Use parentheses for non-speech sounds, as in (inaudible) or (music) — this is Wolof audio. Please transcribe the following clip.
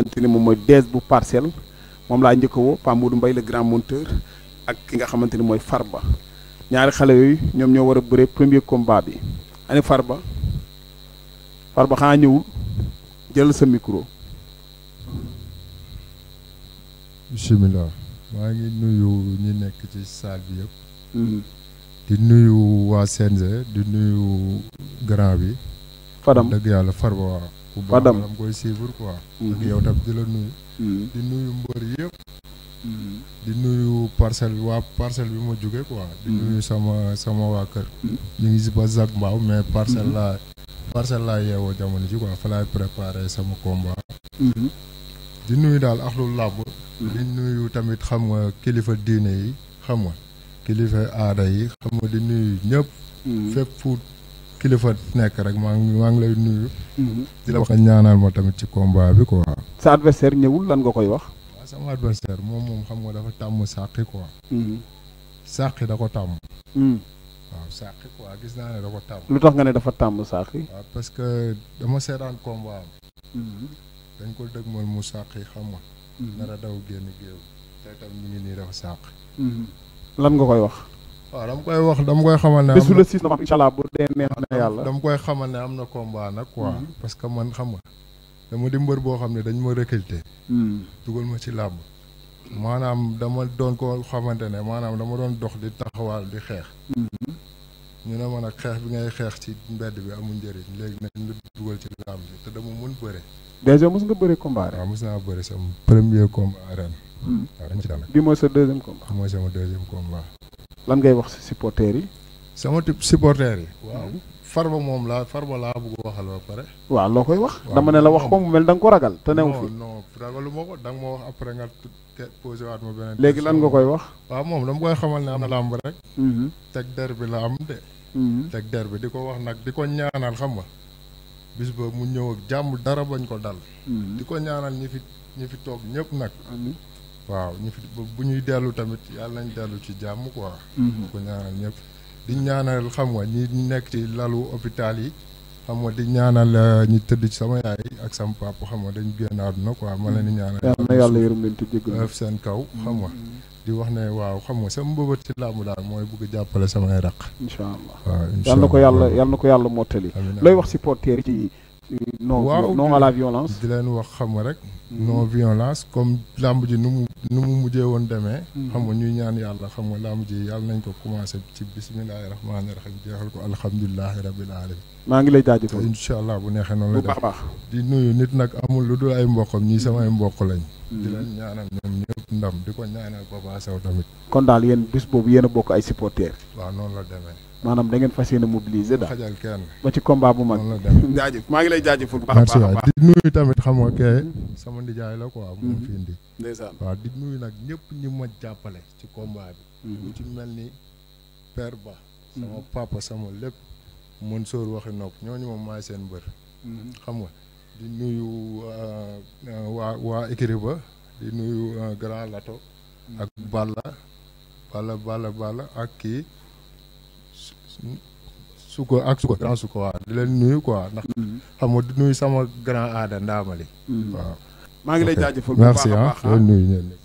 xamante ne moom mooy dees bu parcelle moom laa njëkk woo Pa Modou Mbaye le grand monteur ak ki nga xamante ne mooy Farba ñaari xale yooyu ñoom ñoo war a bëree premier combat bi ani Farba Farba xanaa ñëwul jël sa micro. bisimilah maa ngi nuyu ñi nekk ci salle bi yëpp. Mm-hmm. di nuyu waa CNG di nuyu grand bi. Fadam dëgg yàlla Farba waaw. bu baax Fadam dama koy suivre quoi. Mm-hmm. ak yow tam di la nuyu. Mm-hmm. di nuyu mbër yëpp. Mm-hmm. di nuyu parcelle waa parcelle bi ma jóge quoi. di nuyu sama sama waa kër. ñu ngi si ba Zac Mbao mais parcel laa parcelle laa yeewoo jamono ji quoi fa laay préparé sama combat. di nuyu daal axlu làmb. di nuyu tamit xam nga kilifa diine yi xam nga kilifa aada yi xam nga di nuyu ñëpp. fépp fu kilifa nekk rek maa ngi maa ngi lay nuyu. ci mm-hmm. la wax ñaanal ma tamit ci combat bi quoi. sa adversaire ñëwul lan nga koy wax. waaw sama adversaire moom moom xam nga dafa tàmm sàqi quoi. Mm-hmm. sàqi da ko tàmm. Mm. waaw sàqi quoi gis naa ne da ko tàmm. lu tax nga ne dafa tàmm sàqi. waaw parce que dama seetaan combat am. Mm-hmm. dañ ko dëgmal mu sàqi xam nga. dara daw génn géew te tam ñu nii dafa sàq. lan nga koy wax. waaw dama koy wax dama koy xamal ne. am na bésu le yàlla. dama koy xamal ne am na combat nag quoi. Mm-hmm. parce que man xam nga dama di mbër boo xam ne dañ ma recruter. Mm-hmm. dugal ma ci làmb. maanaam dama doon ko xamante ne maanaam dama doon dox di taxawaal di xeex. Mm-hmm. ñu ne ma nag xeex bi ngay xeex ci mbedd bi amul njëriñ léegi nañ la dugal ci làmb bi te dama mun bëre. déjà mos nga bëre combat ren. waaw naa bëre sama premier combat ren. waaw dañ ci daan bi mooy sa deuxième combat. bi mooy sama lan ngay wax si supporters yi. sama type supporters yi. waaw far farba moom laa farba laa bëgg waxal ba pare. waaw loo koy wax. dama ne la wax ko mu mel da nga ko ragal. te newu fi non non ragalu ma ko da nga ma wax après nga te posé waat ma beneen. léegi lan nga koy wax. waaw moom dama koy xamal ne am na làmb rek. Mm-hmm. teg der bi la am de. Mm-hmm. teg der bi di ko wax nag di ko ñaanal xam nga. bis ba mu ñëw ak jàmm dara bañ ko dal. Mm-hmm. di ko ñaanal ñi fi ñi fi toog ñëpp nag. waaw ñu fi bu ñuy dellu tamit yàlla nañ dellu ci jàmm quoi. Mm-hmm. ko ñaanal ñëpp. di ñaanal xam nga ñu nekk ci lalu hôpital yi xam nga di ñaanal euh, ñi tëdd ci sama yaay ak sama papa xam nga dañ génn àdduna quoi ma leen di ñaanal. Mm-hmm. yàlla na yàlla yërëm leen te jéggal seen kaw xam nga. Mm-hmm. di wax ne waaw xam nga sama mbëbët ci làmb daal mooy bëgg jàppale samay raq. incha allah waaw incha allah yal na ko yàlla yal na ko yàlla mottali. looy wax supporter ci. non waaw non à la di leen wax xam nga rek. Mm-hmm. non violence comme làmb ji nu mu nu mu mujjee woon demee. Mm-hmm. xam nga ñuy ñaan yàlla xam nga làmb ji yàlla nañ ko commencé ci bisimilahi rahmaani rahim jeexal ko alhamdulilahi rabbil alamin maa ngi lay jaajëfal incha allah bu neexee noonu la def di nuyu nit nag amul lu dul ay mboqam ñii samay mboq lañ. Mm-hmm. di leen ñaanal ñoom ñëpp. ndam di ko ñaanal Papa Sow tamit. kon daal yéen bis boobu yéen a bokk ay supporters. waaw noonu la demee. maanaam da ngeen fas yéene mobiliser daal xajal kenn. ba ci combat bu mag. noonu la demee (laughs) jaajëf maa ngi lay jaajëfal. bu baax a baax di nuyu tamit xam nga kay sama nijaay la quoi. mu ngi mm-hmm. fi indi. ndeysaan waaw di nuyu nag ñëpp ñi ma jàppale ci combat bi. lu mm-hmm. ci mel ni père Ba. sama mm-hmm. papa sama lépp. mën sóor waxi nopp ñooñu moom maay seen mbër. xam nga di nuyu euh, euh, waa waa écurie ba di nuyu grand lato ak balla balla balla balla ak kii suko ak suko grand suko waaw di leen nuyu quoi ndax mm-hmm. xam nga di nuyu sama grand aada ndaamali mm-hmm. waaw maa ngi lay jaajëfal bu baax a ah. baax merci ah